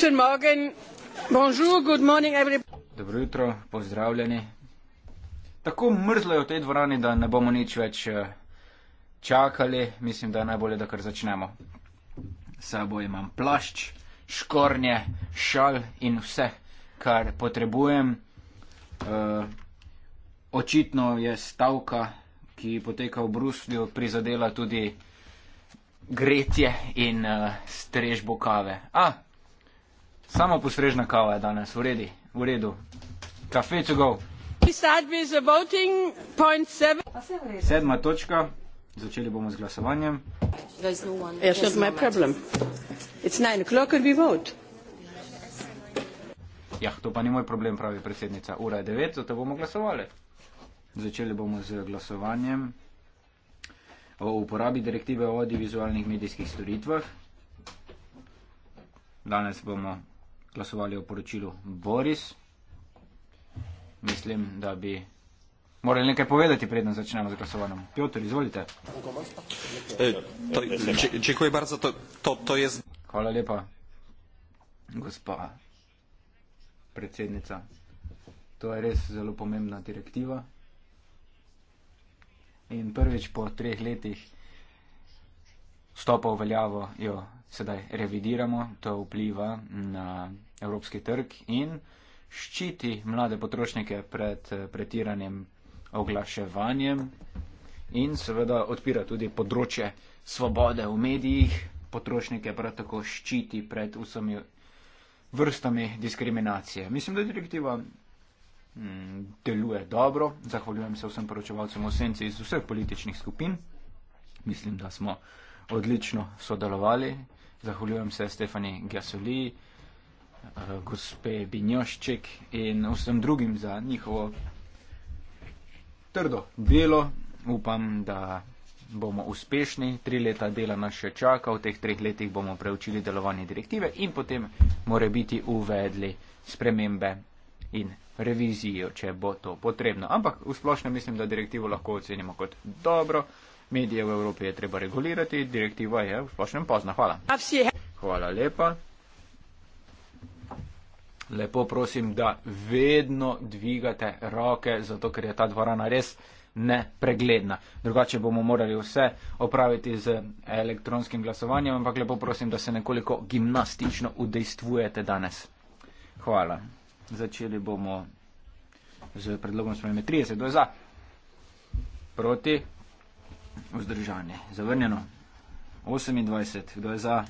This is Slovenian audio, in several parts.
Guten Morgen. Bonjour, good morning everybody. Dobro jutro, pozdravljeni. Tako mrzlo je v tej dvorani, da ne bomo nič več eh, čakali. Mislim, da je najbolje, da kar začnemo. Sabo imam plašč, škornje, šal in vse, kar potrebujem. Eh, očitno je stavka, ki poteka v Bruslju, prizadela tudi gretje in eh, strežbo kave. A, Samo posrežna kava je danes, v redu, v redu. Kafe, če go. Sedma točka, začeli bomo z glasovanjem. No ja, to pa ni moj problem, pravi predsednica. Ura je devet, zato bomo glasovali. Začeli bomo z glasovanjem o uporabi direktive o audiovizualnih medijskih storitvah. Danes bomo glasovali o poročilu Boris. Mislim, da bi morali nekaj povedati, predno začnemo z glasovanjem. Piotr, izvolite. Eh, torej, Čekuje bar za to, to, to je... Hvala lepa, gospa predsednica. To je res zelo pomembna direktiva. In prvič po treh letih stopa v veljavo jo sedaj revidiramo, to vpliva na evropski trg in ščiti mlade potrošnike pred eh, pretiranjem oglaševanjem in seveda odpira tudi področje svobode v medijih, potrošnike prav tako ščiti pred vsemi vrstami diskriminacije. Mislim, da direktiva mm, deluje dobro. Zahvaljujem se vsem poročevalcem osence iz vseh političnih skupin. Mislim, da smo odlično sodelovali. Zahvaljujem se Stefani Gasoli, eh, gospe Binjošček in vsem drugim za njihovo trdo delo. Upam, da bomo uspešni. Tri leta dela nas še čaka, v teh treh letih bomo preučili delovanje direktive in potem more biti uvedli spremembe in revizijo, če bo to potrebno. Ampak v splošnem mislim, da direktivo lahko ocenimo kot dobro medije v Evropi je treba regulirati, direktiva je v splošnem pozna. Hvala. Hvala lepa. Lepo prosim, da vedno dvigate roke, zato ker je ta dvorana res nepregledna. Drugače bomo morali vse opraviti z elektronskim glasovanjem, ampak lepo prosim, da se nekoliko gimnastično udejstvujete danes. Hvala. Začeli bomo z predlogom spremembe 30. Kdo je za? Proti? vzdržane. Zavrnjeno. 28. Kdo je za?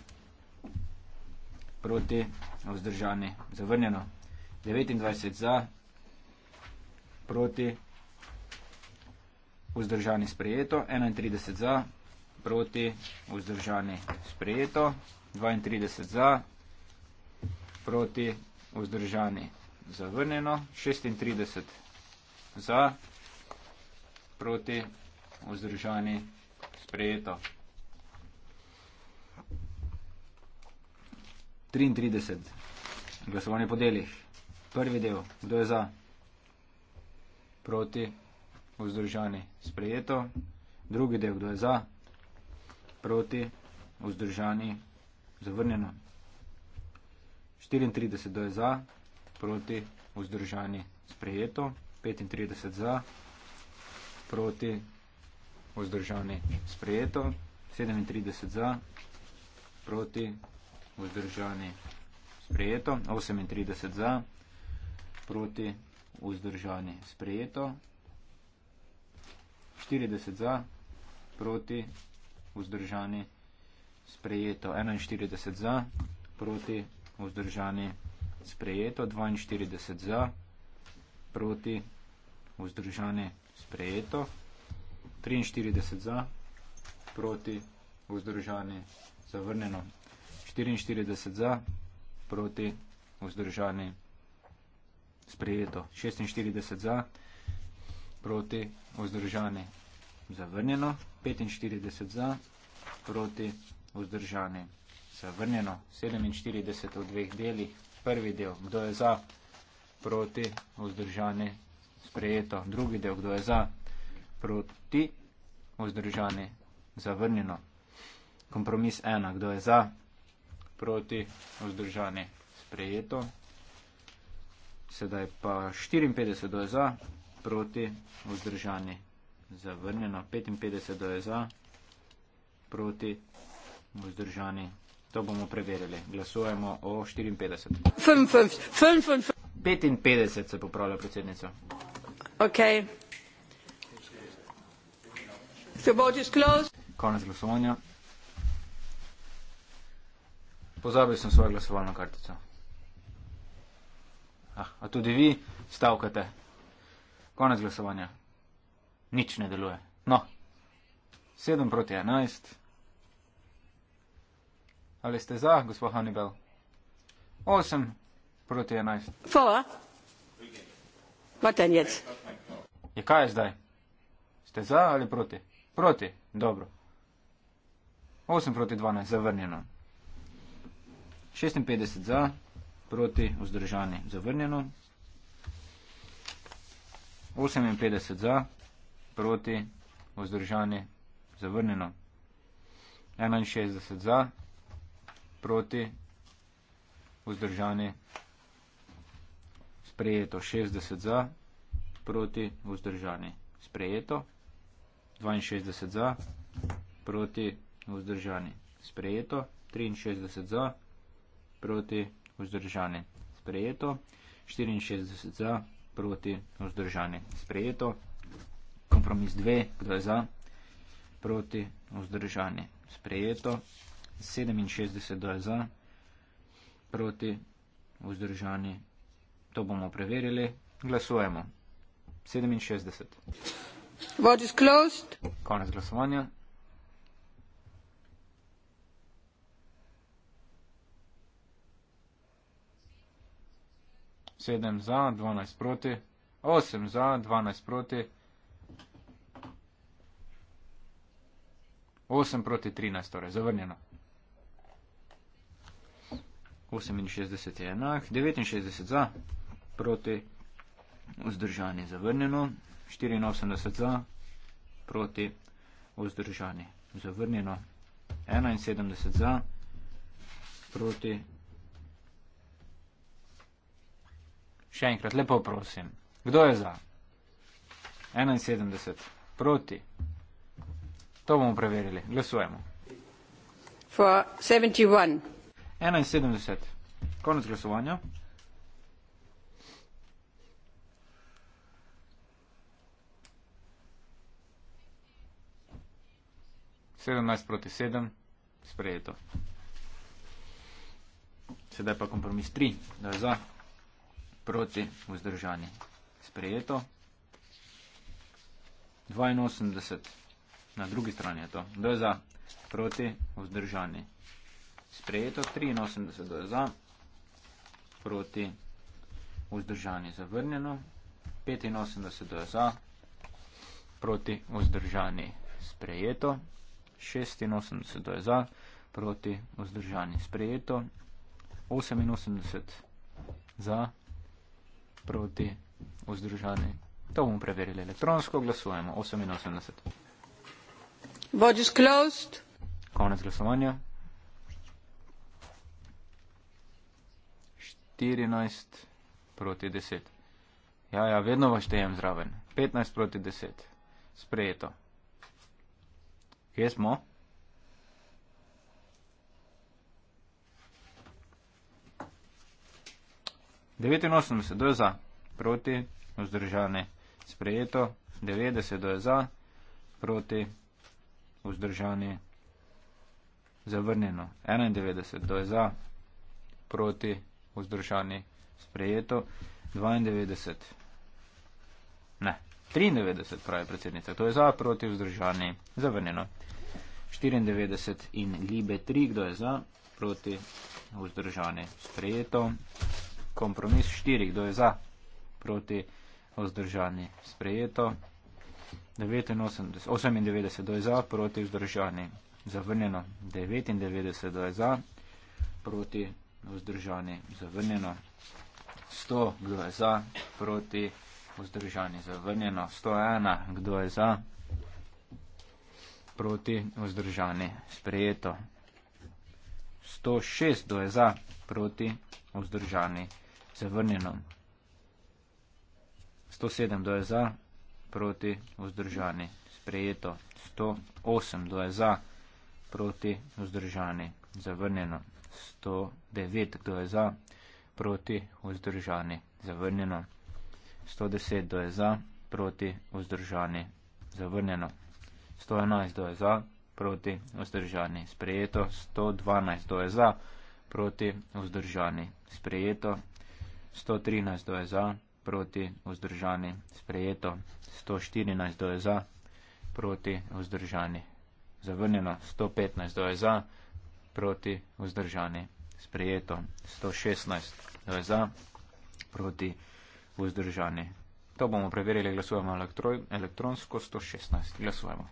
Proti. Vzdržane. Zavrnjeno. 29. Za. Proti. Vzdržane. Sprejeto. 31. Za. Proti. Vzdržane. Sprejeto. 32. Za. Proti. Vzdržane. Zavrnjeno. 36. Za. Proti. Vzdržane vzdržani, sprejeto. 33. Glasovanje po delih. Prvi del, kdo je za? Proti, vzdržani, sprejeto. Drugi del, kdo je za? Proti, vzdržani, zavrnjeno. 34, kdo je za? Proti, vzdržani, sprejeto. 35 za, proti, vzdržani, sprejeto, 37 za, proti, vzdržani, sprejeto, 38 za, proti, vzdržani, sprejeto, 40 za, proti, vzdržani, sprejeto, 41 za, proti, vzdržani, sprejeto, 42 za, proti, vzdržani, sprejeto, 42 za, proti, vzdržani, sprejeto, 43 za, proti, vzdržani, zavrnjeno. 44 za, proti, vzdržani, sprejeto. 46 za, proti, vzdržani, zavrnjeno. 45 za, proti, vzdržani, zavrnjeno. 47 v dveh delih. Prvi del, kdo je za, proti, vzdržani, sprejeto. Drugi del, kdo je za, proti, vzdržani, zavrnjeno. Kompromis ena, kdo je za, proti, vzdržani, sprejeto. Sedaj pa 54 do je za, proti, vzdržani, zavrnjeno. 55 do je za, proti, vzdržani. To bomo preverili. Glasujemo o 54. 55, 55. 55 se popravlja predsednica. Okay. Se bo Konec glasovanja. Pozabil sem svojo glasovalno kartico. Ah, a tudi vi stavkate. Konec glasovanja. Nič ne deluje. No, 7 proti 11. Ali ste za, gospod Hannibal? 8 proti 11. Fala. Matenjec. Je kaj je zdaj? Ste za ali proti? Proti, dobro. 8 proti 12, zavrnjeno. 56 za, proti, vzdržani, zavrnjeno. 58 za, proti, vzdržani, zavrnjeno. 61 za, proti, vzdržani, sprejeto. 60 za, proti, vzdržani, sprejeto. 62 za, proti vzdržani, sprejeto, 63 za, proti vzdržani, sprejeto, 64 za, proti vzdržani, sprejeto, kompromis 2, kdo je za, proti vzdržani, sprejeto, 67 do je za, proti vzdržani, to bomo preverili, glasujemo, 67. Konec glasovanja. Sedem za, dvanajst proti. Osem za, dvanajst proti. Osem proti trinajst, torej zavrnjeno. 68 je enak, 69 za, proti vzdržanje zavrnjeno, 84 za, proti, vzdržani, zavrnjeno, 71 za, proti, še enkrat, lepo prosim, kdo je za? 71, proti, to bomo preverili, glasujemo. For 71. 71, konec glasovanja. 17 proti 7, sprejeto. Sedaj pa kompromis 3, da je za, proti, vzdržani, sprejeto. 82, na drugi strani je to, da je za, proti, vzdržani, sprejeto. 83, da je za, proti, vzdržani, zavrnjeno. 85, da je za, proti, vzdržani, sprejeto. 85. 86 je za, proti vzdržani. Sprejeto. 88 za, proti vzdržani. To bomo preverili elektronsko. Glasujemo. 88. Vote is closed. Konec glasovanja. 14 proti 10. Ja, ja, vedno vaštejem zraven. 15 proti 10. Sprejeto pjesmo. Devetinosemdeset do za, proti, vzdržane, sprejeto, devetdeset do za, proti, vzdržane, zavrnjeno, enaindevetdeset do za, proti, vzdržane, sprejeto, dvaindevetdeset, ne. 93, pravi predsednica, to je za, proti vzdržani, zavrnjeno. 94 in Libe 3, kdo je za, proti vzdržani, sprejeto. Kompromis 4, kdo je za, proti vzdržani, sprejeto. 89, 98, kdo je za, proti vzdržani, zavrnjeno. 99, kdo je za, proti vzdržani, zavrnjeno. 100, kdo je za, proti vzdržani vzdržani, zavrnjeno 101, kdo je za, proti, vzdržani, sprejeto 106, kdo je za, proti, vzdržani, zavrnjeno 107, kdo je za, proti, vzdržani, sprejeto 108, kdo je za, proti, vzdržani, zavrnjeno 109, kdo je za, proti, vzdržani, zavrnjeno 108. 110 do je za, proti, vzdržani, zavrnjeno. 111 do je za, proti, vzdržani, sprejeto. 112 do je za, proti, vzdržani, sprejeto. 113 do je za, proti, vzdržani, sprejeto. 114 do je za, proti, vzdržani, zavrnjeno. 115 do je za, proti, vzdržani, sprejeto. 116 do je za, proti, vzdržani, sprejeto vzdržani. To bomo preverili, glasujemo elektroj, elektronsko 116. Glasujemo.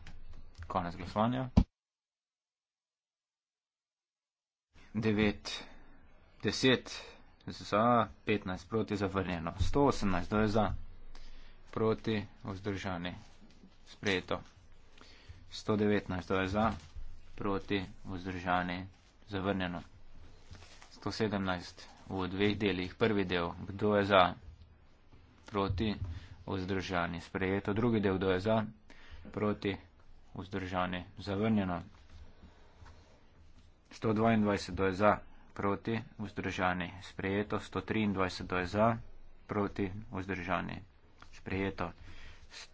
Konec glasovanja. 9, 10 za, 15 proti zavrnjeno. 118 do je za, proti vzdržani. Sprejeto. 119 do je za, proti vzdržani. Zavrnjeno. 117 v dveh delih. Prvi del, kdo je za, proti vzdržani. Sprejeto drugi del, kdo je za, proti vzdržani, zavrnjeno. 122, kdo je za, proti vzdržani, sprejeto. 123, kdo je za, proti vzdržani, sprejeto.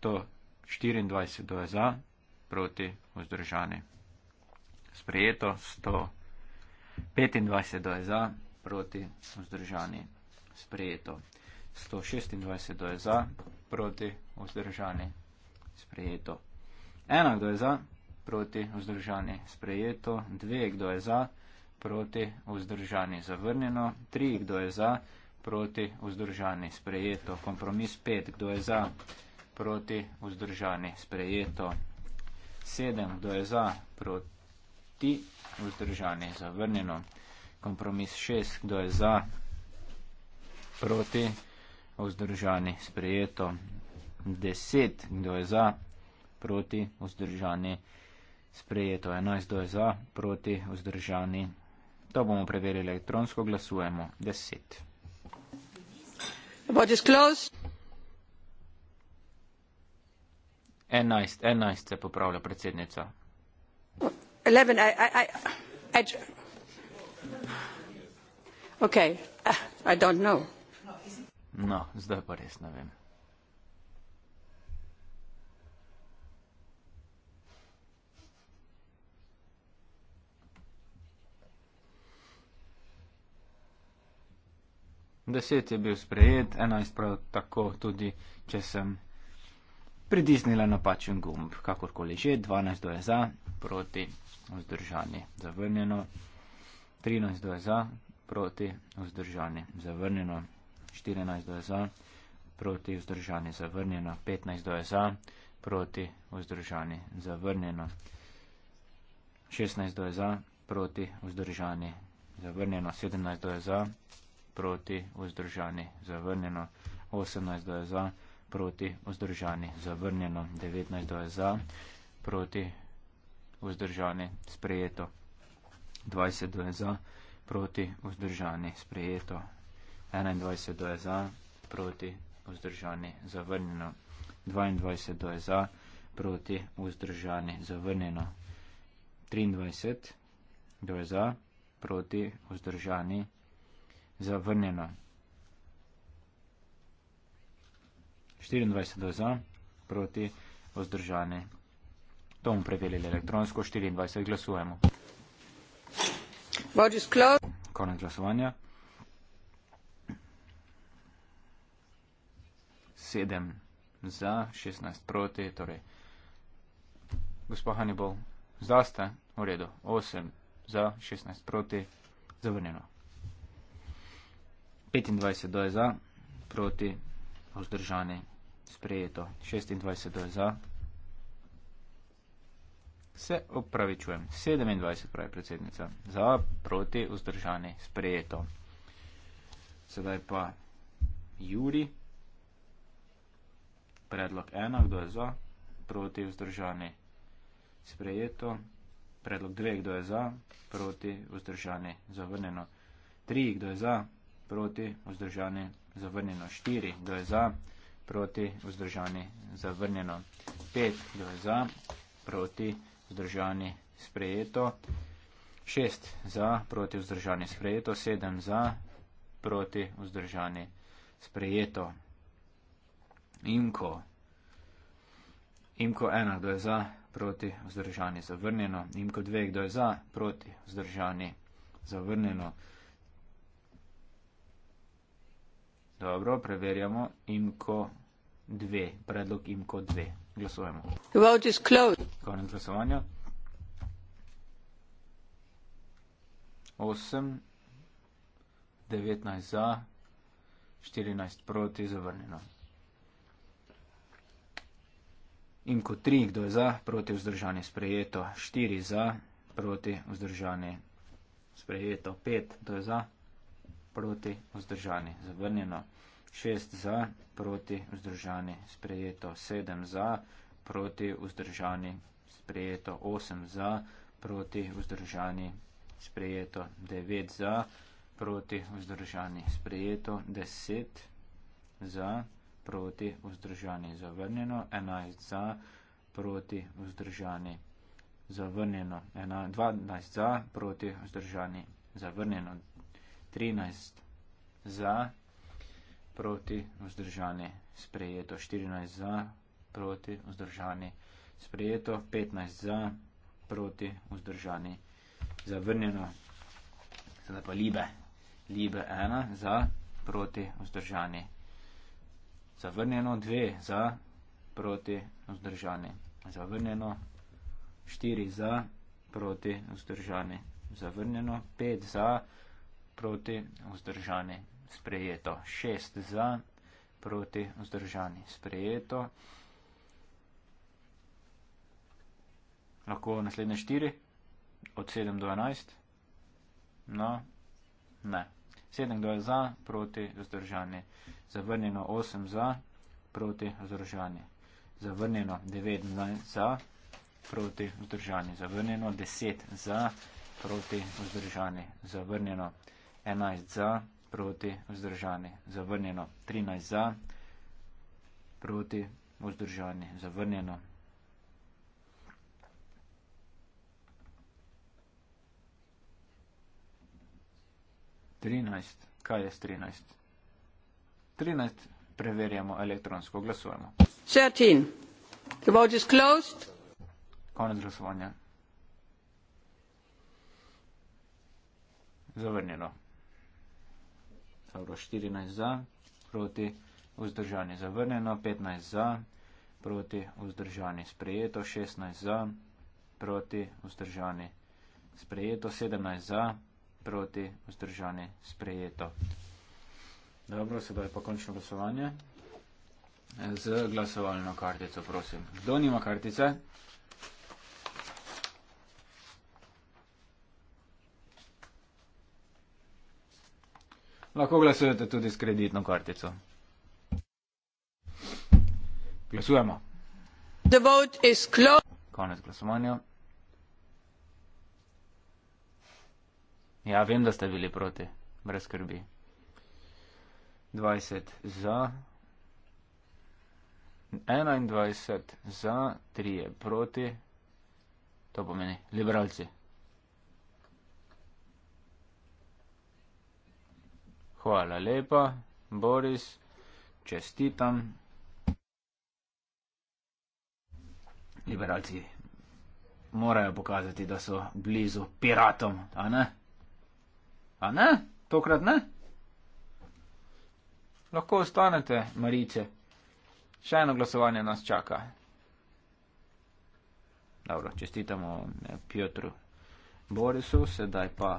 124, kdo je za, proti vzdržani, sprejeto. 125, kdo je za, proti vzdržani, sprejeto. 126 je za, proti vzdržani, sprejeto. Ena kdo je za, proti vzdržani, sprejeto. Dve kdo je za, proti vzdržani, zavrnjeno. Tri kdo je za, proti vzdržani, sprejeto. Kompromis pet kdo je za, proti vzdržani, sprejeto. Sedem kdo je za, proti vzdržani, zavrnjeno. Kompromis šest kdo je za, proti vzdržani vzdržani, sprejeto 10, kdo je za, proti, vzdržani, sprejeto 11, kdo je za, proti, vzdržani. To bomo preverili elektronsko, glasujemo 10. Vod je sklos. 11, 11 se popravlja predsednica. 11, I, I, I, I, okay. uh, I don't know. No, zdaj pa res ne vem. Deset je bil sprejet, enajst prav tako, tudi če sem pritisnila napačen gumb, kakorkoli že, dvanajst do je za, proti, vzdržani, zavrnjeno, trinajst do je za, proti, vzdržani, zavrnjeno. 14 je za, proti vzdržani zavrnjeno, 15 je za, proti vzdržani zavrnjeno, 16 je za, proti vzdržani zavrnjeno, 17 je za, proti vzdržani zavrnjeno, 18 je za, proti vzdržani zavrnjeno, 19 je za, proti vzdržani sprejeto, 20 je za, proti vzdržani sprejeto. 21 do je za, proti, vzdržani, zavrnjeno. 22 do je za, proti, vzdržani, zavrnjeno. 23 do je za, proti, vzdržani, zavrnjeno. 24 do je za, proti, vzdržani. To bomo preverili elektronsko, 24 glasujemo. Konec glasovanja. 7 za, 16 proti, torej. Gospod Hannibal, zdaste, v redu, 8 za, 16 proti, zavrnjeno. 25 do je za, proti, vzdržani, sprejeto. 26 do je za, se opravičujem. 27 pravi predsednica, za, proti, vzdržani, sprejeto. Sedaj pa Juri predlog ena, kdo je za, proti vzdržani sprejeto, predlog dve, kdo je za, proti vzdržani zavrnjeno, tri, kdo je za, proti vzdržani zavrnjeno, štiri, kdo je za, proti vzdržani zavrnjeno, pet, kdo je za, proti vzdržani sprejeto, šest za, proti vzdržani sprejeto, sedem za, proti vzdržani sprejeto. Imko. Imko ena, kdo je za, proti, vzdržani, zavrnjeno. Imko dve, kdo je za, proti, vzdržani, zavrnjeno. Dobro, preverjamo. Imko dve, predlog imko dve. Glasujemo. Konec glasovanja. Osem, devetnajst za, štirinajst proti, zavrnjeno. in kot tri, kdo je za, proti vzdržanje sprejeto, štiri za, proti vzdržanje sprejeto, pet, kdo je za, proti vzdržanje zavrnjeno, šest za, proti vzdržanje sprejeto, sedem za, proti vzdržanje sprejeto, osem za, proti vzdržanje sprejeto, devet za, proti vzdržanje sprejeto, deset za, proti vzdržanje sprejeto, proti vzdržani zavrnjeno, 11 za proti vzdržani zavrnjeno, 12 za proti vzdržani zavrnjeno, 13 za proti vzdržani sprejeto, 14 za proti vzdržani sprejeto, 15 za proti vzdržani zavrnjeno. Sedaj pa libe. Libe 1 za proti vzdržani zavrnjeno zavrnjeno 2 za, proti vzdržani, zavrnjeno 4 za, proti vzdržani, zavrnjeno 5 za, proti vzdržani, sprejeto 6 za, proti vzdržani, sprejeto. Lahko naslednje 4, od 7 do 11, no, ne. 7 glas za, proti vzdržanje. Zavrnjeno 8 za, proti vzdržanje. Zavrnjeno 9 za, proti vzdržanje. Zavrnjeno 10 za, proti vzdržanje. Zavrnjeno 11 za, proti vzdržanje. Zavrnjeno 13 za, proti vzdržanje. Zavrnjeno 13 za. 13. Kaj je 13? 13. Preverjamo elektronsko, glasujemo. 13. The vote is closed. Konec glasovanja. Zavrnjeno. Dobro, 14 za, proti, vzdržani zavrnjeno, 15 za, proti, vzdržani sprejeto, 16 za, proti, vzdržani sprejeto, 17 za, proti, vzdržani, sprejeto. Dobro, sedaj pa končno glasovanje. Z glasovalno kartico, prosim. Kdo nima kartice? Lahko glasujete tudi s kreditno kartico. Glasujemo. Konec glasovanja. Ja, vem, da ste bili proti, brez skrbi. 20 za. 21 za, 3 je proti, to pomeni liberalci. Hvala lepa, Boris, čestitam. Liberalci morajo pokazati, da so blizu piratom, a ne? A ne? Tokrat ne? Lahko ostanete, Marice. Še eno glasovanje nas čaka. Dobro, čestitamo eh, Piotru Borisu, sedaj pa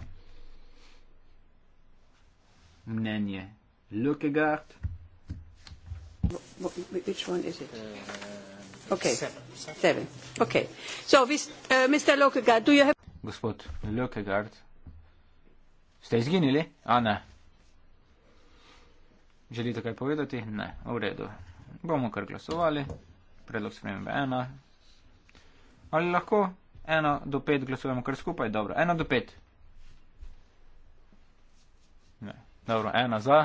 mnenje Lukegaard. Which one is it? Uh, okay, seven. seven. Okay. So, this, uh, eh, Mr. Lukegaard, do you have... Gospod Lukegaard, Ste izginili, a ne? Želite kaj povedati? Ne, v redu. Bomo kar glasovali. Predlog spremembe ena. Ali lahko ena do pet glasujemo kar skupaj? Dobro, ena do pet. Ne. Dobro, ena za,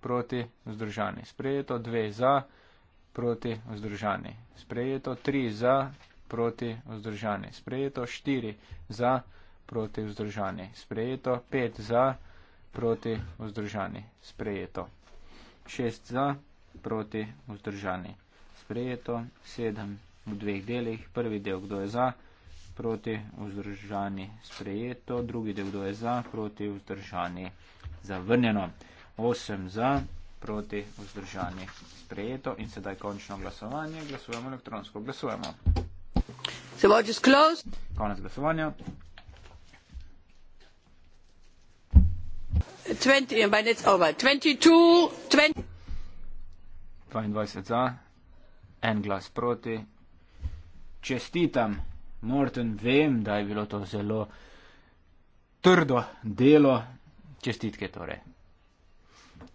proti, vzdržani. Sprejeto, dve za, proti, vzdržani. Sprejeto, tri za, proti, vzdržani. Sprejeto, štiri za, proti, vzdržani proti vzdržani sprejeto, 5 za, proti vzdržani sprejeto, 6 za, proti vzdržani sprejeto, 7 v dveh delih, prvi del kdo je za, proti vzdržani sprejeto, drugi del kdo je za, proti vzdržani zavrnjeno, 8 za, proti vzdržani sprejeto in sedaj končno glasovanje, glasujemo elektronsko, glasujemo. So I just closed? Konec glasovanja. Eh, dvaindvajset za en glas proti čestitam Morten vem da je bilo to zelo trdo delo čestitke torej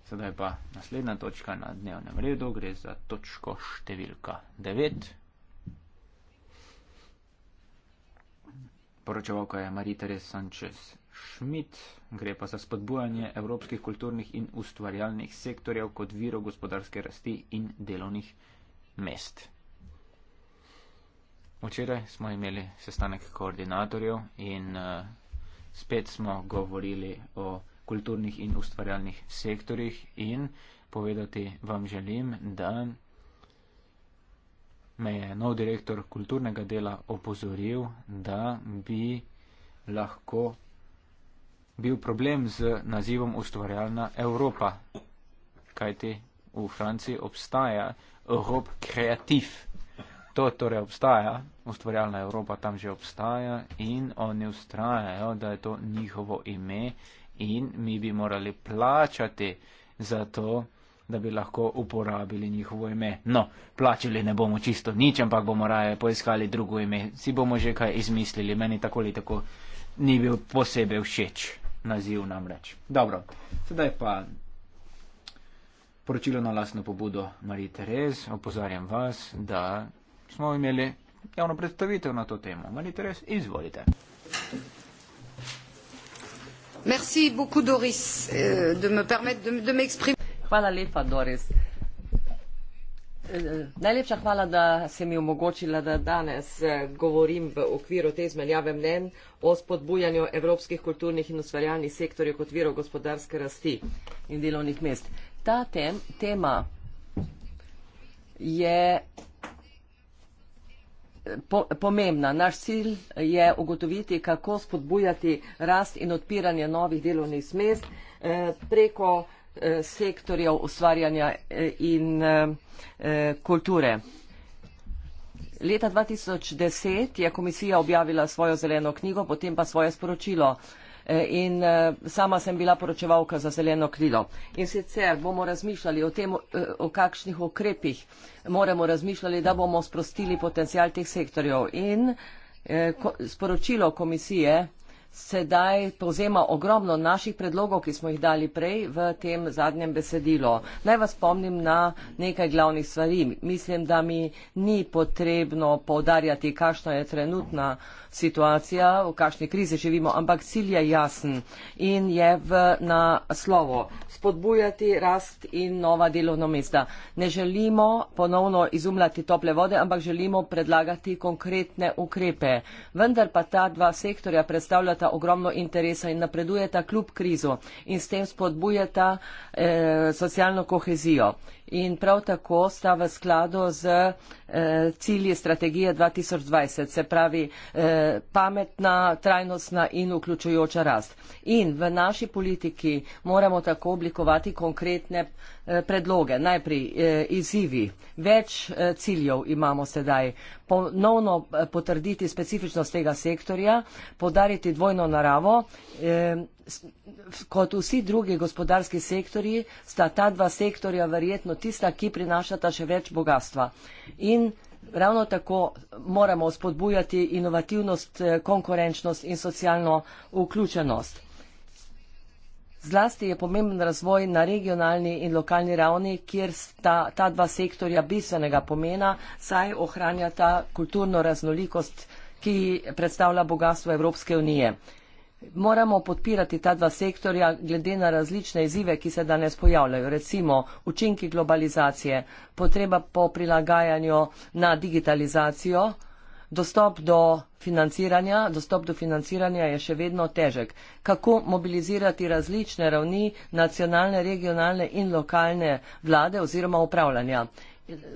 sedaj pa naslednja točka na dnevnem redu gre za točko številka devet poročevalka je Marita Res Sanchez Schmidt, gre pa za spodbujanje evropskih kulturnih in ustvarjalnih sektorjev kot viro gospodarske rasti in delovnih mest. Včeraj smo imeli sestanek koordinatorjev in uh, spet smo govorili o kulturnih in ustvarjalnih sektorjih in povedati vam želim, da me je nov direktor kulturnega dela opozoril, da bi lahko bil problem z nazivom ustvarjalna Evropa. Kajti v Franciji obstaja Evropa kreativ. To torej obstaja, ustvarjalna Evropa tam že obstaja in oni ustrajajo, da je to njihovo ime in mi bi morali plačati za to, da bi lahko uporabili njihovo ime. No, plačali ne bomo čisto nič, ampak bomo raje poiskali drugo ime. Si bomo že kaj izmislili, meni tako ali tako ni bil posebej všeč naziv namreč. Dobro, sedaj pa poročilo na lasno pobudo Marije Terez. Opozarjam vas, da smo imeli javno predstavitev na to temo. Marije Terez, izvolite. Merci beaucoup, Doris, euh, de me permettre de m'exprimer. Hvala lepa, Doris. Najlepša hvala, da se mi omogočila, da danes eh, govorim v okviru te izmenjave mnen o spodbujanju evropskih kulturnih in ustvarjalnih sektorjev kot virov gospodarske rasti in delovnih mest. Ta tem, tema je eh, pomembna. Naš cilj je ugotoviti, kako spodbujati rast in odpiranje novih delovnih mest eh, preko sektorjev ustvarjanja eh, in eh, eh, kulture. Leta 2010 je komisija objavila svojo zeleno knjigo, potem pa svoje sporočilo. In sama sem bila poročevalka za zeleno krilo. In sicer bomo razmišljali o tem, o kakšnih ukrepih moramo razmišljali, da bomo sprostili potencial teh sektorjev. In sporočilo komisije sedaj povzema ogromno naših predlogov, ki smo jih dali prej v tem zadnjem besedilu. Naj vas spomnim na nekaj glavnih stvari. Mislim, da mi ni potrebno povdarjati, kakšna je trenutna situacija, v kakšni krizi živimo, ampak cilj je jasen in je v naslovu spodbujati rast in nova delovna mesta. Ne želimo ponovno izumljati tople vode, ampak želimo predlagati konkretne ukrepe. Vendar pa ta dva sektorja predstavljata imata ogromno interesa in napredujeta kljub krizu in s tem spodbujata eh, socialno kohezijo in prav tako sta v skladu z eh, cilji strategije 2020, se pravi eh, pametna, trajnostna in vključujoča rast. In v naši politiki moramo tako oblikovati konkretne eh, predloge, najprej izzivi. Več ciljev imamo sedaj. Ponovno potrditi specifičnost tega sektorja, podariti dvojno naravo kot vsi drugi gospodarski sektori, sta ta dva sektorja verjetno tista, ki prinašata še več bogatstva. In ravno tako moramo spodbujati inovativnost, eh, konkurenčnost in socialno vključenost. Zlasti je pomemben razvoj na regionalni in lokalni ravni, kjer sta ta dva sektorja bistvenega pomena, saj ohranjata kulturno raznolikost, ki predstavlja bogatstvo Evropske unije moramo podpirati ta dva sektorja glede na različne izzive, ki se danes pojavljajo. Recimo učinki globalizacije, potreba po prilagajanju na digitalizacijo, dostop do financiranja. Dostop do financiranja je še vedno težek. Kako mobilizirati različne ravni nacionalne, regionalne in lokalne vlade oziroma upravljanja.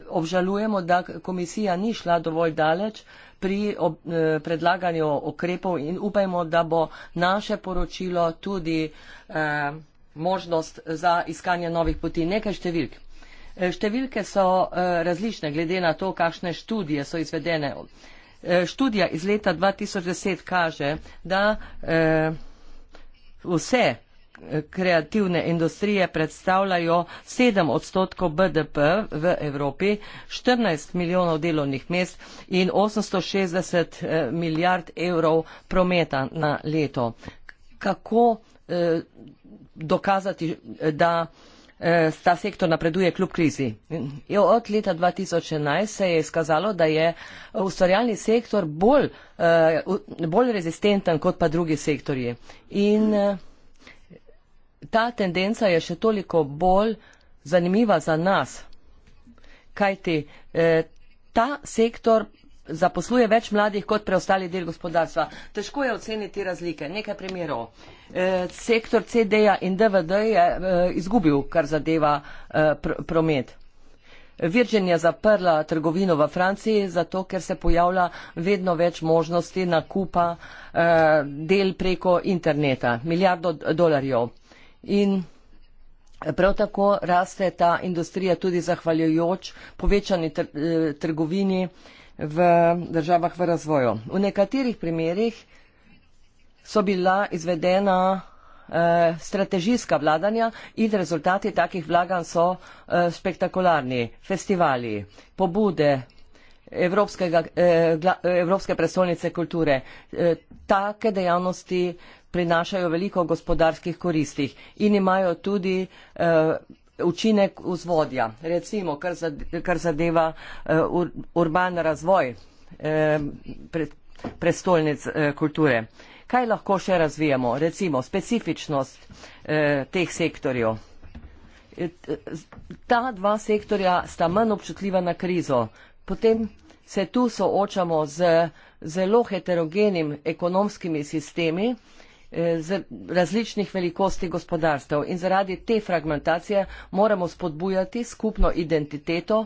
Obžalujemo, da komisija ni šla dovolj daleč pri ob, eh, predlaganju okrepov in upajmo, da bo naše poročilo tudi eh, možnost za iskanje novih poti. Nekaj številk. Eh, številke so eh, različne glede na to, kakšne študije so izvedene. Eh, študija iz leta 2010 kaže, da vse kreativne industrije predstavljajo 7 odstotkov BDP v Evropi, 14 milijonov delovnih mest in 860 eh, milijard evrov prometa na leto. Kako eh, dokazati, da eh, ta sektor napreduje kljub krizi? Jo, ja, od leta 2011 se je izkazalo, da je ustvarjalni sektor bolj, eh, bolj rezistenten kot pa drugi sektorji. In, eh, ta tendenca je še toliko bolj zanimiva za nas, kajti eh, ta sektor zaposluje več mladih kot preostali del gospodarstva. Težko je oceniti razlike. Nekaj primerov. Eh, sektor CD-ja in DVD je eh, izgubil, kar zadeva eh, pr promet. Virgin je zaprla trgovino v Franciji, zato ker se pojavlja vedno več možnosti nakupa eh, del preko interneta. Milijardo dolarjev in prav tako raste ta industrija tudi zahvaljujoč povečani tr eh, trgovini v državah v razvoju. V nekaterih primerjih so bila izvedena eh, strategijska vladanja in rezultati takih vlaganj so eh, spektakularni. Festivali, pobude Evropske prestolnice kulture, take dejavnosti prinašajo veliko gospodarskih koristih in imajo tudi uh, učinek vzvodja. Recimo, kar, za, kar zadeva uh, urban razvoj uh, pre, prestolnic uh, kulture. Kaj lahko še razvijamo? Recimo, specifičnost uh, teh sektorjev. Ta dva sektorja sta manj občutljiva na krizo. Potem se tu soočamo z zelo heterogenim ekonomskimi sistemi, Eh, z različnih velikosti gospodarstev in zaradi te fragmentacije moramo spodbujati skupno identiteto,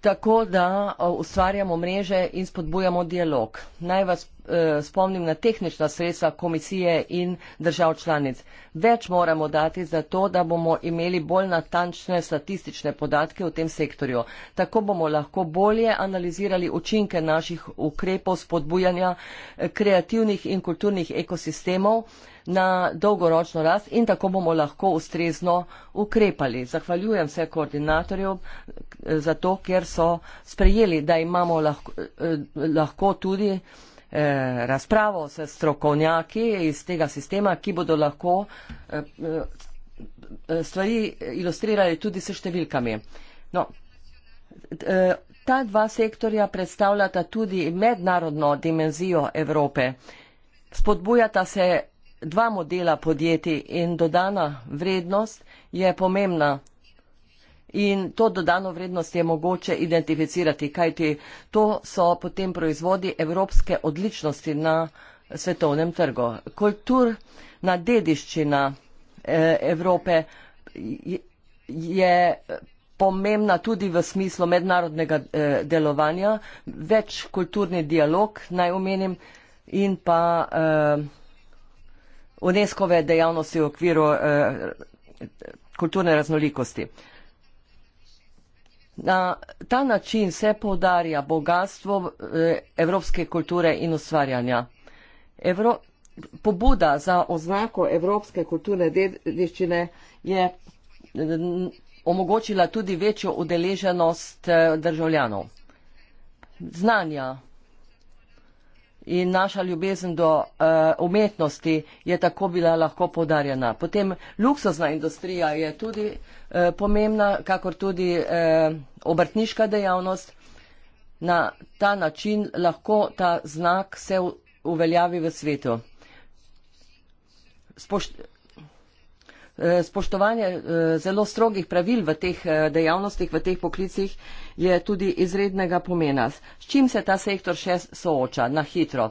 Tako da ustvarjamo mreže in spodbujamo dialog. Naj vas eh, spomnim na tehnična sredstva komisije in držav članic. Več moramo dati za to, da bomo imeli bolj natančne statistične podatke v tem sektorju. Tako bomo lahko bolje analizirali učinke naših ukrepov spodbujanja eh, kreativnih in kulturnih ekosistemov eh, na dolgoročno rast in tako bomo lahko ustrezno ukrepali. Zahvaljujem se koordinatorjev eh, za to, ker so sprejeli, da imamo lahko, eh, lahko tudi eh, razpravo s strokovnjaki iz tega sistema, ki bodo lahko stvari ilustrirali tudi s številkami. No, ta dva sektorja predstavljata tudi mednarodno dimenzijo Evrope. Spodbujata se dva modela podjetij in dodana vrednost je pomembna. In to dodano vrednost je mogoče identificirati, kajti to so potem proizvodi evropske odličnosti na svetovnem trgu. Kulturna dediščina eh, Evrope je pomembna tudi v smislu mednarodnega eh, delovanja, več kulturni dialog, naj omenim, in pa eh, UNESCO-ve dejavnosti v okviru eh, kulturne raznolikosti. Na ta način se poudarja bogatstvo eh, evropske kulture in ustvarjanja. Evro, pobuda za oznako evropske kulturne dediščine je eh, omogočila tudi večjo udeleženost državljanov. Znanja, in naša ljubezen do uh, umetnosti je tako bila lahko podarjena. Potem luksuzna industrija je tudi uh, pomembna, kakor tudi uh, obrtniška dejavnost. Na ta način lahko ta znak se uveljavi v svetu. Spoštovani. Eh, spoštovanje eh, zelo strogih pravil v teh eh, dejavnostih, v teh poklicih je tudi izrednega pomena. S čim se ta sektor še sooča na hitro?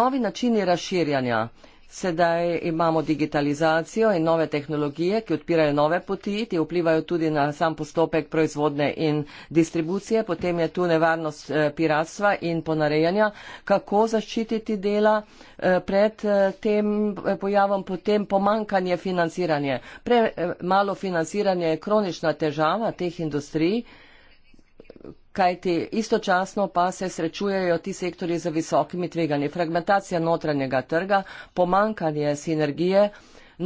Novi načini razširjanja, Sedaj imamo digitalizacijo in nove tehnologije, ki odpirajo nove poti, ki vplivajo tudi na sam postopek proizvodne in distribucije. Potem je tu nevarnost eh, piratstva in ponarejanja, kako zaščititi dela eh, pred eh, tem pojavom, potem pomankanje financiranja. Premalo financiranje je kronična težava teh industrij kajti istočasno pa se srečujejo ti sektori z visokimi tveganji. Fragmentacija notranjega trga, pomankanje sinergije,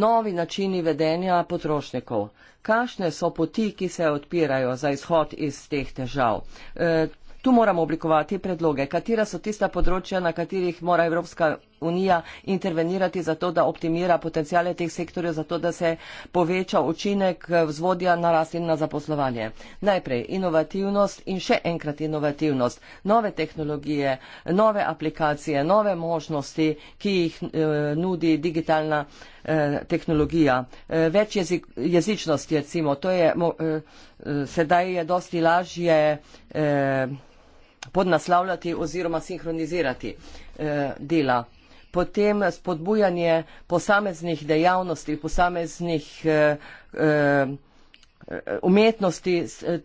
novi načini vedenja potrošnikov. Kakšne so poti, ki se odpirajo za izhod iz teh težav? E, tu moramo oblikovati predloge, katera so tista področja, na katerih mora Evropska unija intervenirati za to, da optimira potencijale teh sektorjev, za to, da se poveča učinek vzvodja na rast in na zaposlovanje. Najprej inovativnost in še enkrat inovativnost. Nove tehnologije, nove aplikacije, nove možnosti, ki jih e, nudi digitalna e, tehnologija. E, več jezik, jezičnosti, recimo, to je, mo, e, sedaj je dosti lažje e, podnaslavljati oziroma sinhronizirati eh, dela. Potem spodbujanje posameznih dejavnosti, posameznih eh, eh, umetnosti eh,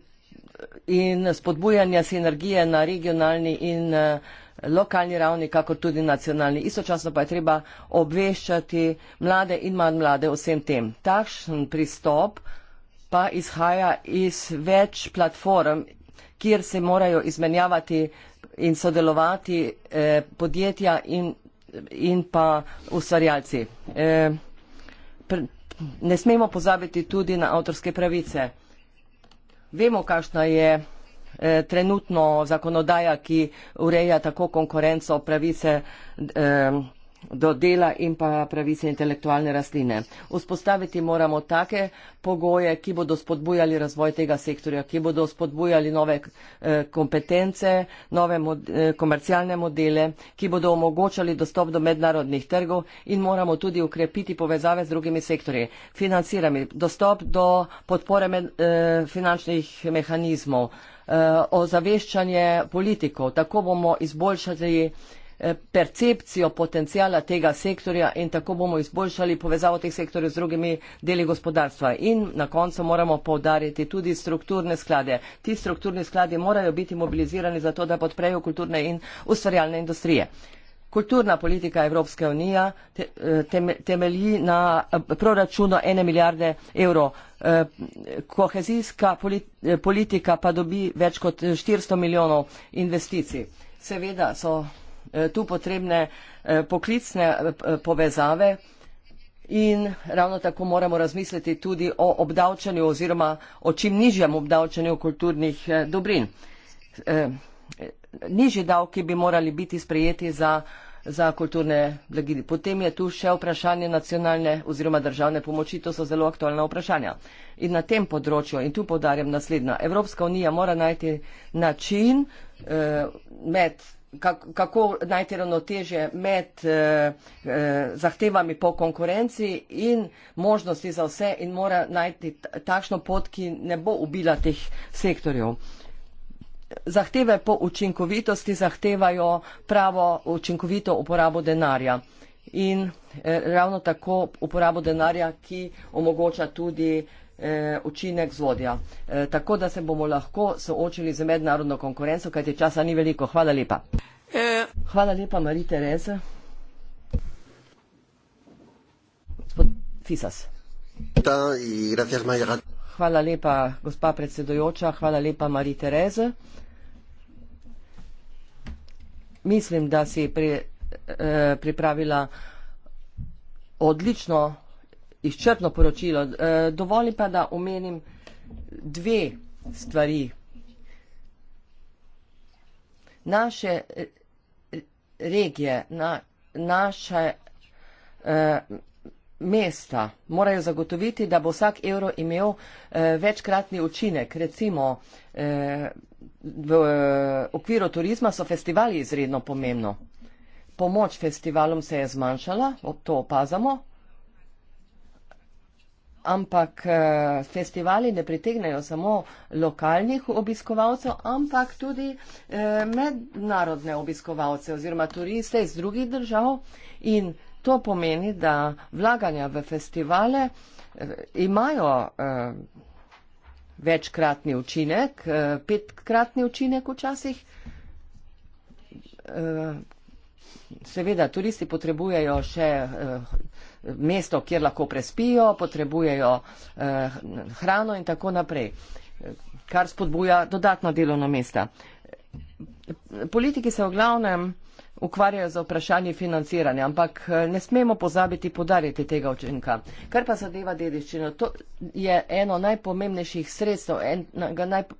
in spodbujanja sinergije na regionalni in eh, lokalni ravni, kako tudi nacionalni. Istočasno pa je treba obveščati mlade in manj mlade o vsem tem. Takšen pristop pa izhaja iz več platform, kjer se morajo izmenjavati in sodelovati eh, podjetja in, in pa ustvarjalci. Eh, pre, ne smemo pozabiti tudi na avtorske pravice. Vemo, kakšna je eh, trenutno zakonodaja, ki ureja tako konkurenco pravice. Eh, do dela in pa pravice intelektualne rastline. Vzpostaviti moramo take pogoje, ki bodo spodbujali razvoj tega sektorja, ki bodo spodbujali nove eh, kompetence, nove mod eh, komercialne modele, ki bodo omogočali dostop do mednarodnih trgov in moramo tudi ukrepiti povezave z drugimi sektorji. Financirami, dostop do podpore eh, finančnih mehanizmov, ozaveščanje politikov, tako bomo izboljšali Eh, percepcijo potencijala tega sektorja in tako bomo izboljšali povezavo teh sektorjev z drugimi deli gospodarstva. In na koncu moramo povdariti tudi strukturne sklade. Ti strukturni skladi morajo biti mobilizirani za to, da podprejo kulturne in ustvarjalne industrije. Kulturna politika Evropske unije eh, temelji na eh, proračunu ene milijarde evrov. Kohezijska politika pa dobi več kot 400 milijonov investicij. Seveda so Eh, tu potrebne eh, poklicne eh, povezave in ravno tako moramo razmisliti tudi o obdavčanju oziroma o čim nižjem obdavčanju kulturnih dobrin. Nižji davki bi morali biti sprejeti za za kulturne blagine. Potem je tu še vprašanje nacionalne oziroma državne pomoči, to so zelo aktualna vprašanja. In na tem področju, in tu podarjam naslednja, Evropska unija mora najti način eh, med kako najti ravnotežje med eh, eh, zahtevami po konkurenci in možnosti za vse in mora najti takšno pot, ki ne bo ubila teh sektorjev. Zahteve po učinkovitosti zahtevajo pravo učinkovito uporabo denarja in eh, ravno tako uporabo denarja, ki omogoča tudi eh, eh, učinek vzvodja. Eh, tako da se bomo lahko soočili z mednarodno konkurenco, kajte časa ni veliko. Hvala lepa. Eh. Hvala lepa, Marija Tereza. Gospod Fisas. Hvala lepa, gospa predsedojoča. Hvala lepa, Marija Tereza. Mislim, da si pri, eh, pripravila odlično izčrpno poročilo. Eh, Dovoli pa, da omenim dve stvari. Naše eh, regije, na, naše eh, mesta morajo zagotoviti, da bo vsak evro imel eh, večkratni učinek. Recimo, eh, v eh, okviru turizma so festivali izredno pomembno. Pomoč festivalom se je zmanjšala, to opazamo, Ampak eh, festivali ne pritegnajo samo lokalnih obiskovalcev, ampak tudi eh, mednarodne obiskovalce oziroma turiste iz drugih držav. In to pomeni, da vlaganja v festivale eh, imajo večkratni učinek, petkratni učinek včasih. Seveda, turisti potrebujejo še eh, mesto, kjer lahko prespijo, potrebujejo eh, hrano in tako naprej, kar spodbuja dodatna delovna mesta. Politiki se v glavnem ukvarjajo za vprašanje financiranja, ampak eh, ne smemo pozabiti podariti tega učinka. Kar pa zadeva dediščino, to je eno najpomembnejših sredstev, en,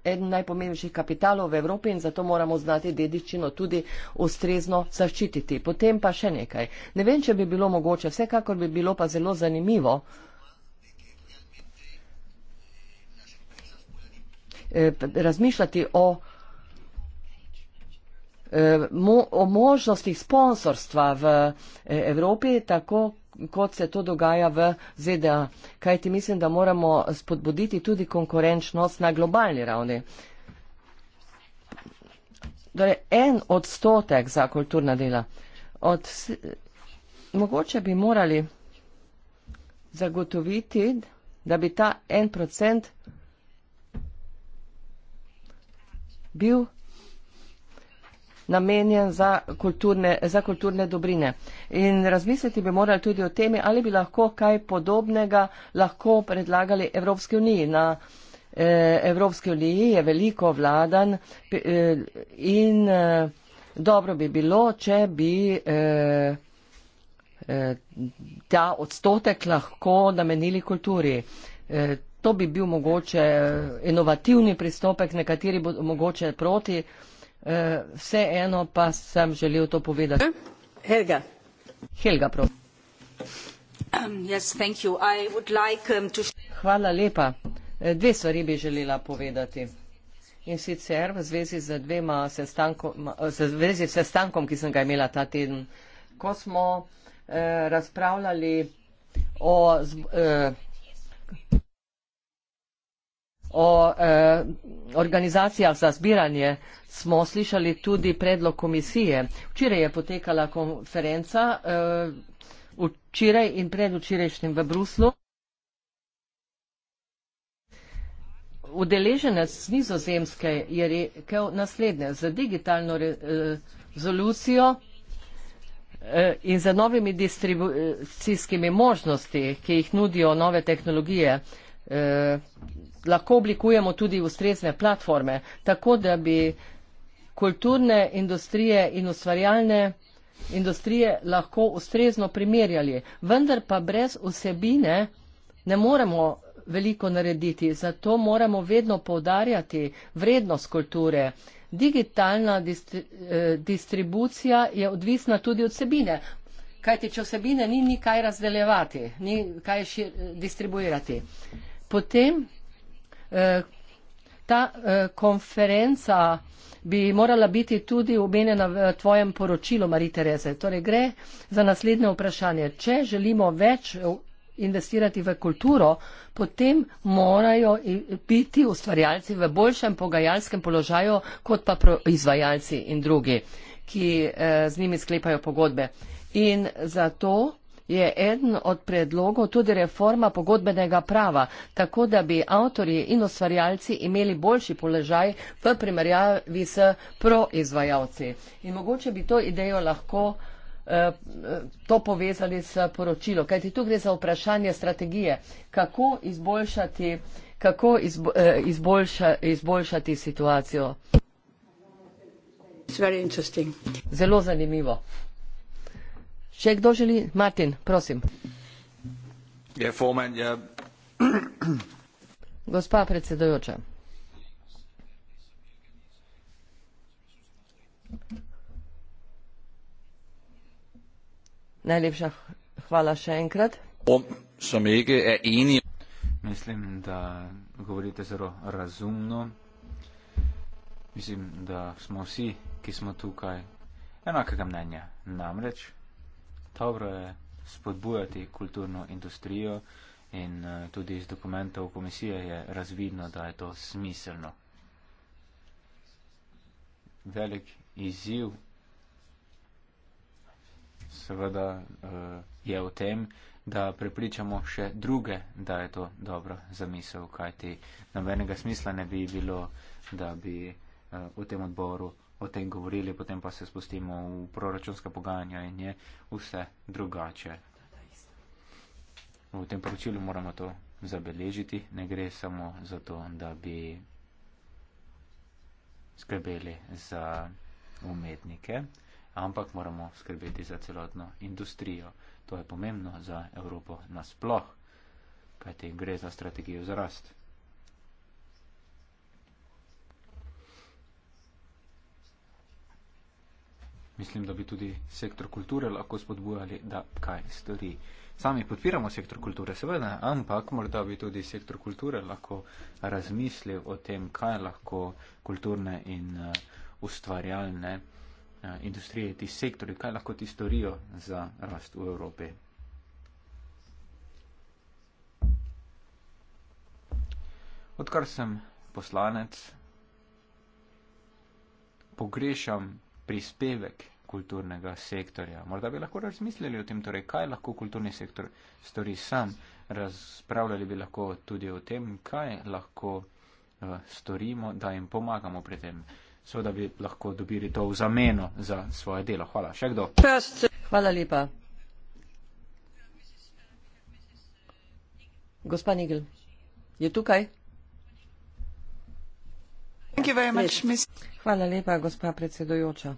en najpomembnejših kapitalov v Evropi in zato moramo znati dediščino tudi ustrezno zaščititi. Potem pa še nekaj. Ne vem, če bi bilo mogoče, vsekakor bi bilo pa zelo zanimivo. Eh, razmišljati o Eh, o možnosti sponsorstva v eh, Evropi, tako kot se to dogaja v ZDA. Kaj ti mislim, da moramo spodbuditi tudi konkurenčnost na globalni ravni? Torej, en odstotek za kulturna dela. Od, mogoče bi morali zagotoviti, da bi ta en procent bil namenjen za kulturne, za kulturne dobrine. In razmisliti bi morali tudi o temi, ali bi lahko kaj podobnega lahko predlagali Evropski uniji. Na eh, Evropski uniji je veliko vladan eh, in eh, dobro bi bilo, če bi ta odstotek lahko namenili kulturi. To bi bil mogoče inovativni pristopek, nekateri bodo mogoče proti. Eh, vseeno pa sem želel to povedati. Helga. Helga, prosim. Um, um, Hvala lepa. Eh, dve stvari bi želela povedati. In sicer v zvezi z dvema sestankom, eh, sestankom, ki sem ga imela ta teden, ko smo eh, razpravljali o eh, O eh, organizacijah za zbiranje smo slišali tudi predlog komisije. Včeraj je potekala konferenca, eh, včeraj in predvčerajšnjem v Bruslu. Udeleženec z nizozemske je rekel naslednje, za digitalno eh, rezolucijo eh, in za novimi distribucijskimi možnosti, ki jih nudijo nove tehnologije, eh, lahko oblikujemo tudi ustrezne platforme, tako da bi kulturne industrije in ustvarjalne industrije lahko ustrezno primerjali. Vendar pa brez vsebine ne moremo veliko narediti, zato moramo vedno povdarjati vrednost kulture. Digitalna distri, eh, distribucija je odvisna tudi od vsebine. Kajti, če vsebine ni, ni kaj razdeljevati, ni kaj še distribuirati. Potem Eh, ta eh, konferenca bi morala biti tudi omenjena v tvojem poročilu, Marija Tereza. Torej, gre za naslednje vprašanje. Če želimo več eh, investirati v kulturo, potem morajo biti ustvarjalci v boljšem pogajalskem položaju kot pa izvajalci in drugi, ki z njimi sklepajo pogodbe. In zato je eden od predlogov tudi reforma pogodbenega prava, tako da bi avtorji in ustvarjalci imeli boljši položaj v primerjavi s proizvajalci. In mogoče bi to idejo lahko eh, to povezali s poročilo, kajti tu gre za vprašanje strategije, kako izboljšati, kako izbo, eh, izboljša, izboljšati situacijo. Zelo zanimivo. Še kdo želi? Martin, prosim. Je formen, je. Gospa predsedujoča. Najlepša hvala še enkrat. Er Mislim, da govorite zelo razumno. Mislim, da smo vsi, ki smo tukaj, enakega mnenja. Namreč dobro je spodbujati kulturno industrijo in eh, tudi iz dokumentov komisije je razvidno, da je to smiselno. Velik izziv seveda eh, je v tem, da prepričamo še druge, da je to dobro zamisel, kajti nobenega smisla ne bi bilo, da bi eh, v tem odboru o tem govorili, potem pa se spustimo v proračunska pogajanja in je vse drugače. V tem poročilu moramo to zabeležiti, ne gre samo za to, da bi skrbeli za umetnike, ampak moramo skrbeti za celotno industrijo. To je pomembno za Evropo nasploh, kajti gre za strategijo za rast. Mislim, da bi tudi sektor kulture lahko spodbujali, da kaj stori. Sami podpiramo sektor kulture, seveda, ampak morda bi tudi sektor kulture lahko razmislil o tem, kaj lahko kulturne in uh, ustvarjalne uh, industrije, ti sektori, kaj lahko ti storijo za rast v Evropi. Odkar sem poslanec, pogrešam prispevek kulturnega sektorja. Morda bi lahko razmislili o tem, torej, kaj lahko kulturni sektor stori sam. Razpravljali bi lahko tudi o tem, kaj lahko eh, storimo, da jim pomagamo pri tem. Seveda bi lahko dobili to v zameno za svoje delo. Hvala. Še kdo? Hvala lepa. Gospa Nigel, je tukaj? Hvala lepa, gospa predsedujoča.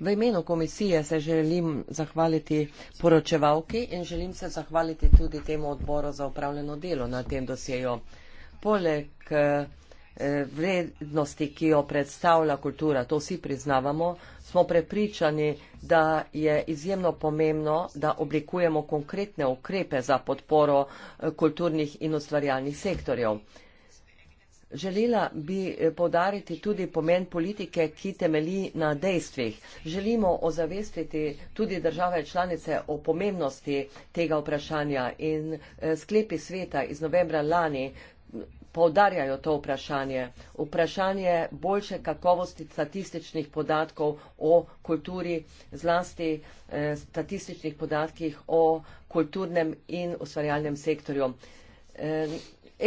V imenu komisije se želim zahvaliti poročevalki in želim se zahvaliti tudi temu odboru za upravljeno delo na tem dosjeju. Poleg eh, Eh, vrednosti, ki jo predstavlja kultura, to vsi priznavamo, smo prepričani, da je izjemno pomembno, da oblikujemo konkretne ukrepe za podporo eh, kulturnih in ustvarjalnih sektorjev. Želela bi eh, podariti tudi pomen politike, ki temelji na dejstvih. Želimo ozavestiti tudi države članice o pomembnosti tega vprašanja in sklepi sveta iz novembra lani poudarjajo to vprašanje. Vprašanje boljše kakovosti statističnih podatkov o kulturi, zlasti eh, statističnih podatkih o kulturnem in ustvarjalnem sektorju. Eh,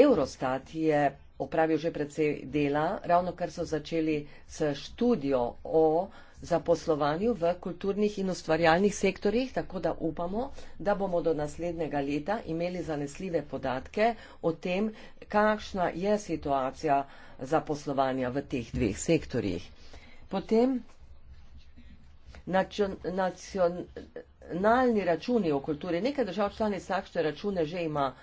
Eurostat je opravil že predvsej dela, ravno kar so začeli s študijo o eh, zaposlovanju v kulturnih in ustvarjalnih sektorjih, tako da upamo, da bomo do naslednjega leta imeli zanesljive podatke o tem, kakšna je situacija zaposlovanja v teh dveh sektorjih. Potem nacionalni računi o kulturi. Nekaj držav članic takšne račune že ima.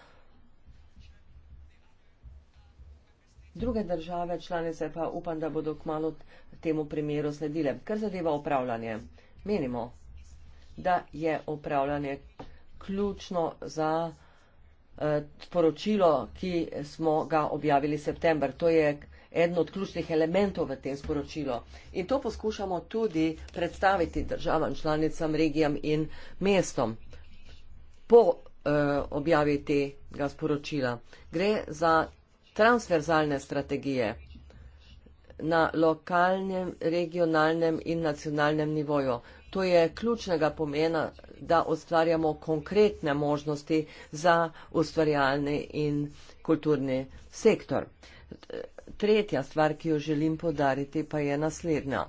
druge države članice pa upam, da bodo kmalo temu primeru sledile. Kar zadeva upravljanje, menimo, da je upravljanje ključno za sporočilo, eh, ki smo ga objavili september. To je eden od ključnih elementov v tem sporočilu. In to poskušamo tudi predstaviti državam, članicam, regijam in mestom po uh, objavi tega sporočila. Gre za transverzalne strategije na lokalnem, regionalnem in nacionalnem nivoju. To je ključnega pomena, da ustvarjamo konkretne možnosti za ustvarjalni in kulturni sektor. Tretja stvar, ki jo želim podariti, pa je naslednja.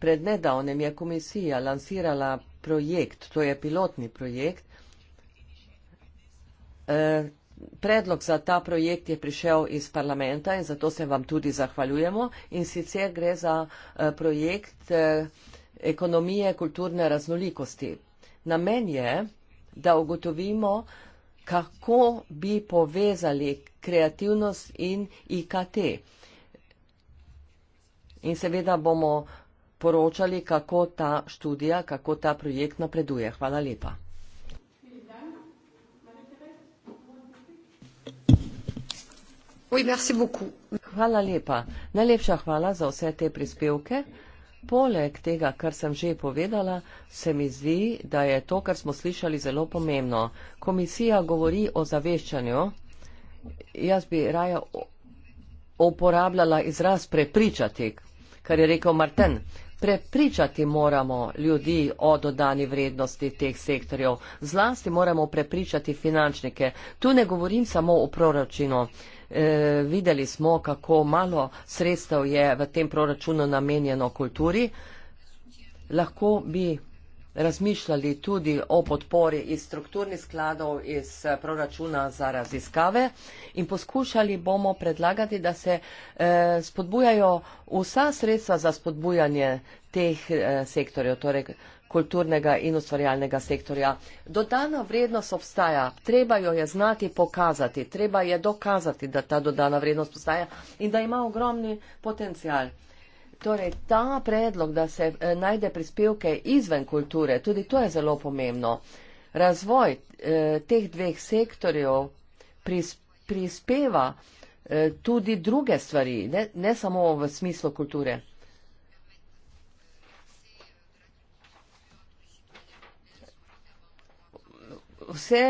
Pred nedavnem je komisija lansirala projekt, to je pilotni projekt, eh, predlog za ta projekt je prišel iz parlamenta in zato se vam tudi zahvaljujemo. In sicer gre za eh, projekt eh, ekonomije kulturne raznolikosti. Namen je, da ugotovimo, kako bi povezali kreativnost in IKT. In seveda bomo poročali, kako ta študija, kako ta projekt napreduje. Hvala lepa. Hvala lepa. Najlepša hvala za vse te prispevke. Poleg tega, kar sem že povedala, se mi zdi, da je to, kar smo slišali, zelo pomembno. Komisija govori o zaveščanju. Jaz bi raje uporabljala izraz prepričati, kar je rekel Martin. Prepričati moramo ljudi o dodani vrednosti teh sektorjev. Zlasti moramo prepričati finančnike. Tu ne govorim samo o proračunu. Eh, videli smo, kako malo sredstev je v tem proračunu namenjeno kulturi. Lahko bi razmišljali tudi o podpori iz strukturnih skladov, iz eh, proračuna za raziskave in poskušali bomo predlagati, da se eh, spodbujajo vsa sredstva za spodbujanje teh sektorjev, torej kulturnega in ustvarjalnega sektorja. Dodana vrednost obstaja, treba jo je znati pokazati, treba je dokazati, da ta dodana vrednost obstaja in da ima ogromni potencial. Torej, ta predlog, da se eh, najde prispevke izven kulture, tudi to je zelo pomembno. Razvoj eh, teh dveh sektorjev pris, prispeva eh, tudi druge stvari, ne, ne samo v smislu kulture. vse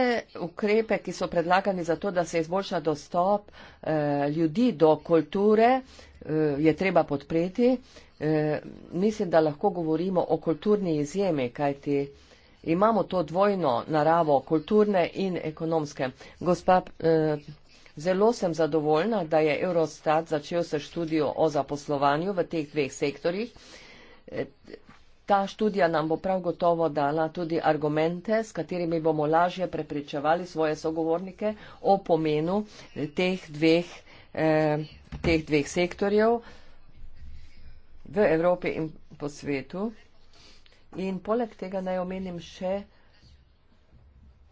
ukrepe, ki so predlagani za to, da se izboljša dostop eh, ljudi do kulture, eh, je treba podpreti. Eh, mislim, da lahko govorimo o kulturni izjemi, kajti imamo to dvojno naravo kulturne in ekonomske. Gospa, eh, zelo sem zadovoljna, da je Eurostat začel se študijo o zaposlovanju v teh dveh sektorjih. Eh, Ta študija nam bo prav gotovo dala tudi argumente, s katerimi bomo lažje prepričevali svoje sogovornike o pomenu eh, teh dveh, eh, teh dveh sektorjev v Evropi in po svetu. In poleg tega naj omenim še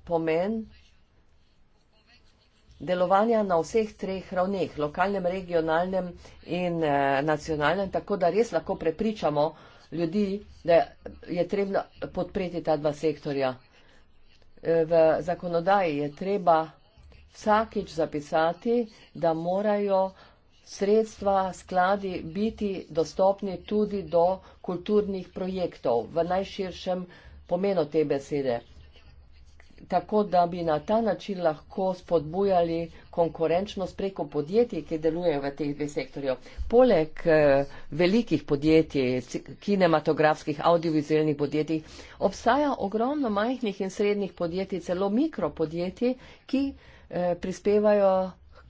pomen delovanja na vseh treh ravneh, lokalnem, regionalnem in eh, nacionalnem, tako da res lahko prepričamo, ljudi, da je treba podpreti ta dva sektorja. E, v zakonodaji je treba vsakič zapisati, da morajo sredstva, skladi biti dostopni tudi do kulturnih projektov v najširšem pomenu te besede tako da bi na ta način lahko spodbujali konkurenčnost preko podjetij, ki delujejo v teh dveh sektorjev. Poleg eh, velikih podjetij, kinematografskih, audiovizualnih podjetij, obstaja ogromno majhnih in srednjih podjetij, celo mikropodjetij, ki eh, prispevajo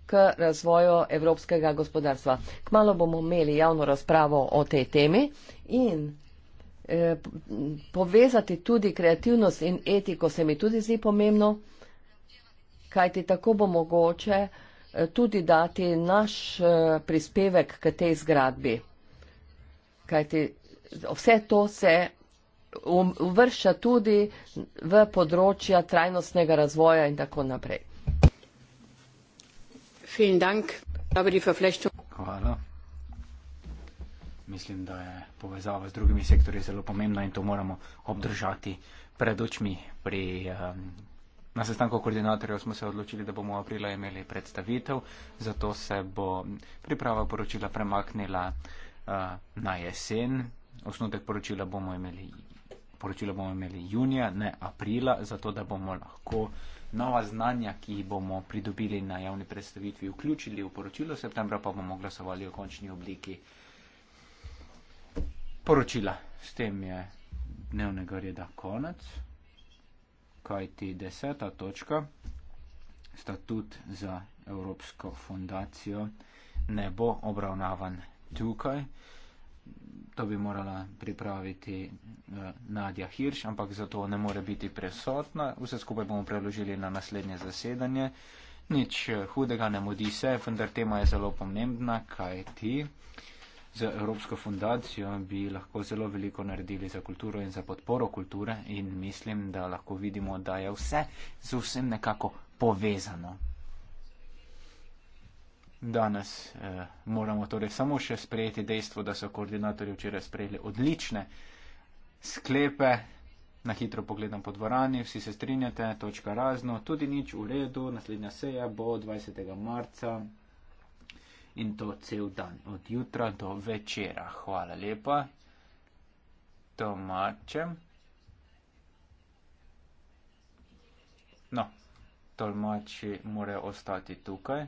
k razvoju evropskega gospodarstva. Kmalo bomo imeli javno razpravo o tej temi in Eh, povezati tudi kreativnost in etiko se mi tudi zdi pomembno, kajti tako bo mogoče eh, tudi dati naš eh, prispevek k tej zgradbi. Kajti vse to se um-, uvršča tudi v področja trajnostnega razvoja in tako naprej. Hvala mislim, da je povezava z drugimi sektorji zelo pomembna in to moramo obdržati pred očmi. Pri, um, na sestanku koordinatorjev smo se odločili, da bomo v aprila imeli predstavitev, zato se bo priprava poročila premaknila uh, na jesen. Osnutek poročila bomo imeli, poročila bomo imeli junija, ne aprila, zato da bomo lahko nova znanja, ki jih bomo pridobili na javni predstavitvi, vključili v poročilo septembra, pa bomo glasovali o končni obliki poročila. S tem je dnevnega reda konec, kajti deseta točka, statut za Evropsko fundacijo, ne bo obravnavan tukaj. To bi morala pripraviti eh, Nadja Hirš, ampak zato ne more biti prisotna. Vse skupaj bomo preložili na naslednje zasedanje. Nič eh, hudega ne modi se, vendar tema je zelo pomembna, kaj ti. Eh, z Evropsko fundacijo bi lahko zelo veliko naredili za kulturo in za podporo kulture in mislim, da lahko vidimo, da je vse z vsem nekako povezano. Danes eh, moramo torej samo še sprejeti dejstvo, da so koordinatorji včeraj sprejeli odlične sklepe. Na hitro pogledam po dvorani, vsi se strinjate, točka razno, tudi nič v redu, naslednja seja bo 20. marca in to cel dan, od jutra do večera. Hvala lepa tolmačem. No, tolmači morajo ostati tukaj,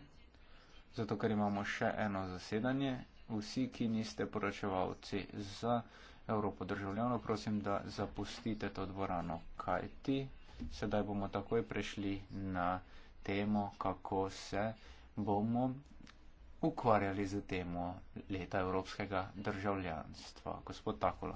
zato ker imamo še eno zasedanje. Vsi, ki niste poročevalci za Evropo državljano, prosim, da zapustite to dvorano, kajti sedaj bomo takoj prešli na temo, kako se bomo ukvarjali z temo leta evropskega državljanstva. Gospod Takolo.